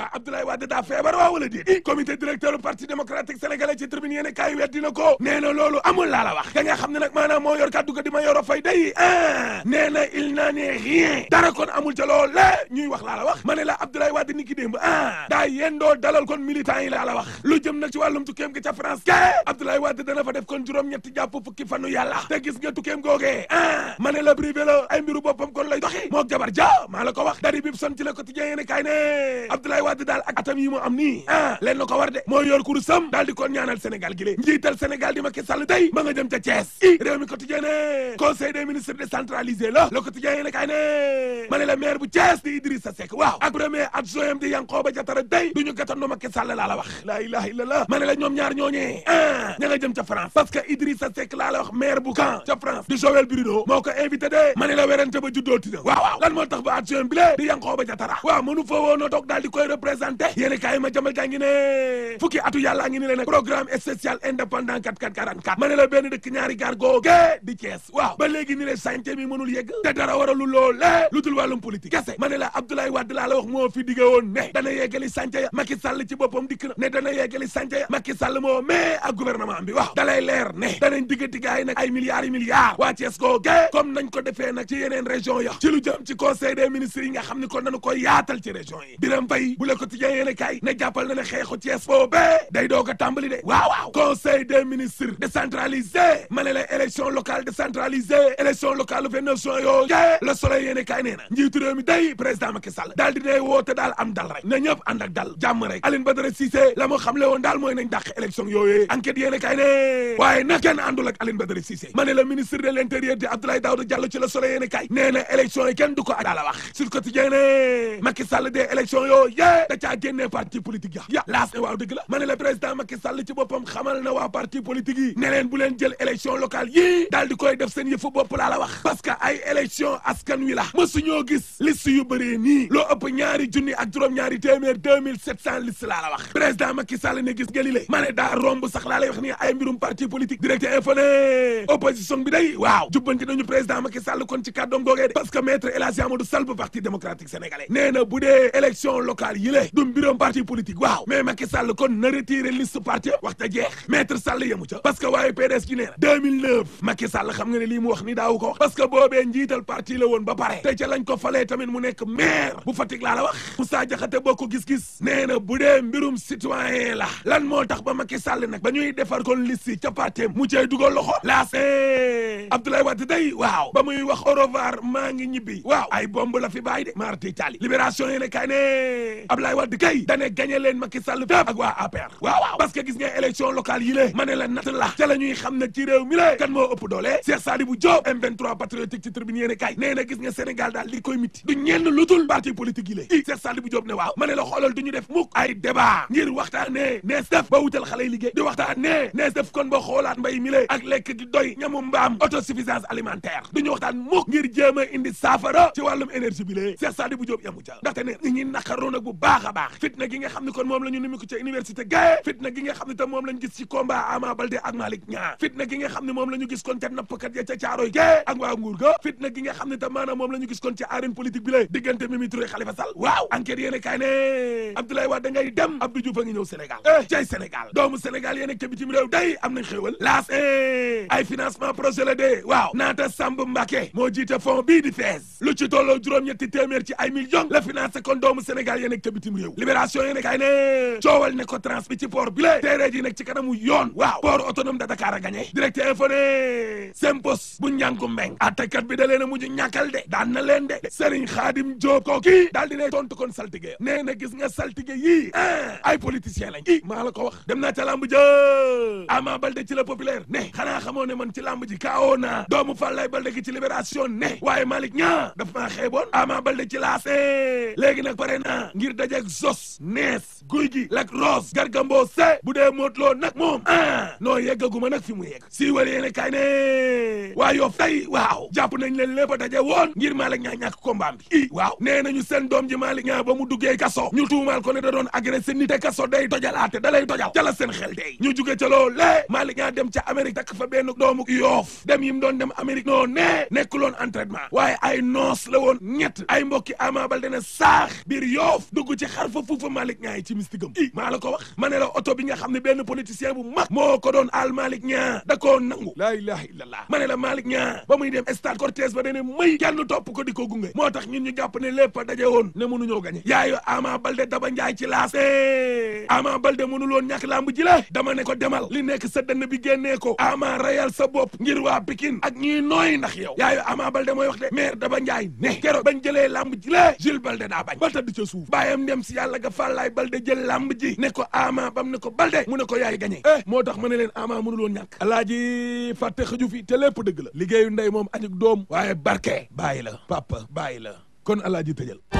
waa Abdoulaye Wade daa feebar waa wala déet i eh. comité directeur du parti démocratique sénégalais ci tribune yéene kaay weddi na ko nee na loolu amul laa wax ka nga xam ne nag maanaam moo yor kàddu ga di ma yoro fay day ah nee na il n'en dara kon amul ca loolu la ñuy wax laa la wax ma ne la Abdoulaye Wade ni ki démb ah daa yendoo dalal kon militant yi laa la wax lu jëm nag ci wàllum tukkeem ga ca France ka Abdoulaye Wade dana fa def kon juróom-ñetti ah, la privé la ay mbiru boppam kon lay doxi moo jabar la ko wax dari Wade daal ak atam yi mu am nii ah leen na ko war de mooy yor kuru sam daal di kon ñaanal Sénégal gi njiital Sénégal di Macky Sall tey ma nga jëm ca Thiès i réew mi quotidien ne conseil des ministres décentralisé la le quotidien yi ne ne ma ne la maire bu Thiès di Idrissa Seck waaw ak premier adjoint di Yankhoba Diattara day du ñu gàttandu Macky Sall laa la wax laa ilaha illallah ma ne la ñoom ñaar ñooñee ah, ña nga jëm ca France parce que Idrissa Seck la wax bu Caen ca France di Joël Bruno moo a présenté yéen kaay ma jëmal jàngi ne fukki atu yàllaa ngi ni le programme spécial indépendant 4444 ma ne la benn dëkk ñaari gaar googe di Thiès waaw ba léegi ni le chantier bi mënul yegg te dara waralu loolee lu dul wàllum politique kese ma la Abdoulaye Wade dalay leer ne danañ diggante gaay nag ay milliards yi waa Thiès googe comme nañ ko defee nag ci yeneen région ya ci lu jëm ci conseil des ministres yi nga xam ne kon yaatal ci région yi Birame le quotidien yéen a kaay ne jàppal ma ne la élection locale dal rek na ñëpp ànd ak dal jàmm rek Aline Badara Cissé la mu xamle woon daal de l'intérieur di da caa génnee parti politique ya ya ne waaw dëgg la ma ne la président Macky Sall ci boppam xamal na waa parti politique yi ne leen jël élection locale yii daal koy def seen yëfu bopp laa la wax parce que ay romb sax laa lay wax ni ay mbirum parti politique direct info opposition bi day waaw jubbanti nañu président Macky Sall kon ci kàddoom googee de parce que maître El Hadji Amadou Sall bu parti démocratique sénégalais nee na bu gi le du parti politique waaw mais Macky Sall kon na retirer liste parti wax ta jeex maître Sall yamu ca parce que waye PDS ki nee 2009 Macky Sall xam nga ni lii mu wax ni daawu ko wax parce que bobé njital parti la won ba paré té ca lañ ko falé tamit mu nek maire bu Fatick la la wax Moussa Diakhaté bokk gis-gis nee budé mbirum citoyen la lan mo tax ba Macky Sall nak ba ñuy defar kon liste ci parti mu cey dugol loxo sé eh, Abdoulaye Wade day waaw ba muy wax au revoir ma ngi ñibi waaw ay bombe la fi bay de marti tali libération yene kay Ablaye Wade kay dane gagné leen Macky Sall fépp ak waa APR waaw waaw parce que gis nga élection locale yi lée la natt la ca la xam nag ci réew kan moo ëpp doole Cheikh Sadibou Diop M23 patriotique ci tribune kay nee gis nga Sénégal daal li koy miti du ñenn lutul parti politique yi lée i Cheikh Sadibou Diop ne waaw ma la xoolal du ñu def mukk ay débat ngir waxtaane nees def ba wutal xale yi di waxtaane nees def kon ba xoolaat mbay a indi saafara ci baax a baax fitna gi nga xam ne kon moom la ñu nimiku ca université gaye fitna gi nga xam ne te ak Malick Niang fitna gi nga xam ne moom la ñu gis kon ca nappkat ya ca caaroy gaye ak waa nguur fitna gi nga xam ne te maanaam moom la ñu gis kon ci arène politique bi lay diggante Mimi Touré Khalifa Sall waaw enquête yéene kaay ne Abdoulaye Wade ngay dem Abdou Diouf a ngi ñëw Sénégal eh cay Sénégal doomu Sénégal yéen ak ca bitim réew day am nañ eh ay financement projet la dee waaw naata Samb Mbacke moo jiite fond bii di fees lu ci tolloo juróom-ñetti téeméer ci ay millions la financé kon doomu Sénégal yéen ak ca bitim réew libération yéene kay ne coowal ne ko trans bi ci port bi le téere ji nekk ci kanamu yoon waaw port autonome de Dakar a gagné direct info ne sempos bu njànku mbeng attakat bi da leen a mujj ñàkkal de daan na leen de Serigne Khadim Diop kooki daal di ne tontu kon saltige nee na gis nga saltige yii ah, ay politiciens lañ i maa la ko wax dem naa ca làmb ja Ama Balde ci la populaire ne xanaa xamoo ne man ci làmb ji kaawoo naa ci libération ne waaye Malick ñaa daf maa dajeeg Jos nees guy gi lak roos gargamboo se bu dee mootloo nag moom ah noo yeggaguma nag fi mu yegg si wala yéen kay ne waa yof tey waaw jàpp nañ leen lépp a daje woon ngir Malick Niang ñàkk combat bi i waaw nee nañu seen doom ji Malick Niang ba mu duggee kaso ñu tuumaal ko ne da doon agressé nit te kaso day tojalaate da lay tojal jala seen xel day ñu juge ca loolu lé Malick Niang dem ca Amérique takk fa benn doomu yoof dem yim doon dem Amérique noo ne nekkuloon entraînement waaye ay noos la woon ñett ay mbokki Ama Baldé ne saax biir dugg ci xar fa fuufa Malick Niang ci mistigam i maa la wax ma ne la oto bi nga ne benn politicien bu mag moo ko doon al Malick Niang da nangu laa ilaha illallah ma la Malick Niang ba muy dem stade cortège ba dene may kenn topp ko di ko gunge moo tax ñun ñu jàpp ne lépp daje woon ne mënuñoo gañe yaayu Ama Baldé Daba Ndiaye ci laas eh, Ama Baldé mënul woon ñàkk làmb ji la dama ne ko demal li nekk sa dënn bi génnee ko Ama rayal sa bopp ngir waa Pikine ak ñiy nooy ndax yow yaayu Ama Baldé mooy wax de maire Daba Ndiaye ne keroog bañ la Jules Baldé daa dem si yàlla ga Falaye Balde jël làmb ne ko Ama bam ne ko Balde mu ne ko yaay gagné eh, moo tax ma ne leen Ama mënul woon ñàkk alaaji fàtte xëju fi te lépp dëgg la liggéeyu ndey moom añuk doom waaye barke bàyyi la papa bàyyi la kon alaaji tëjal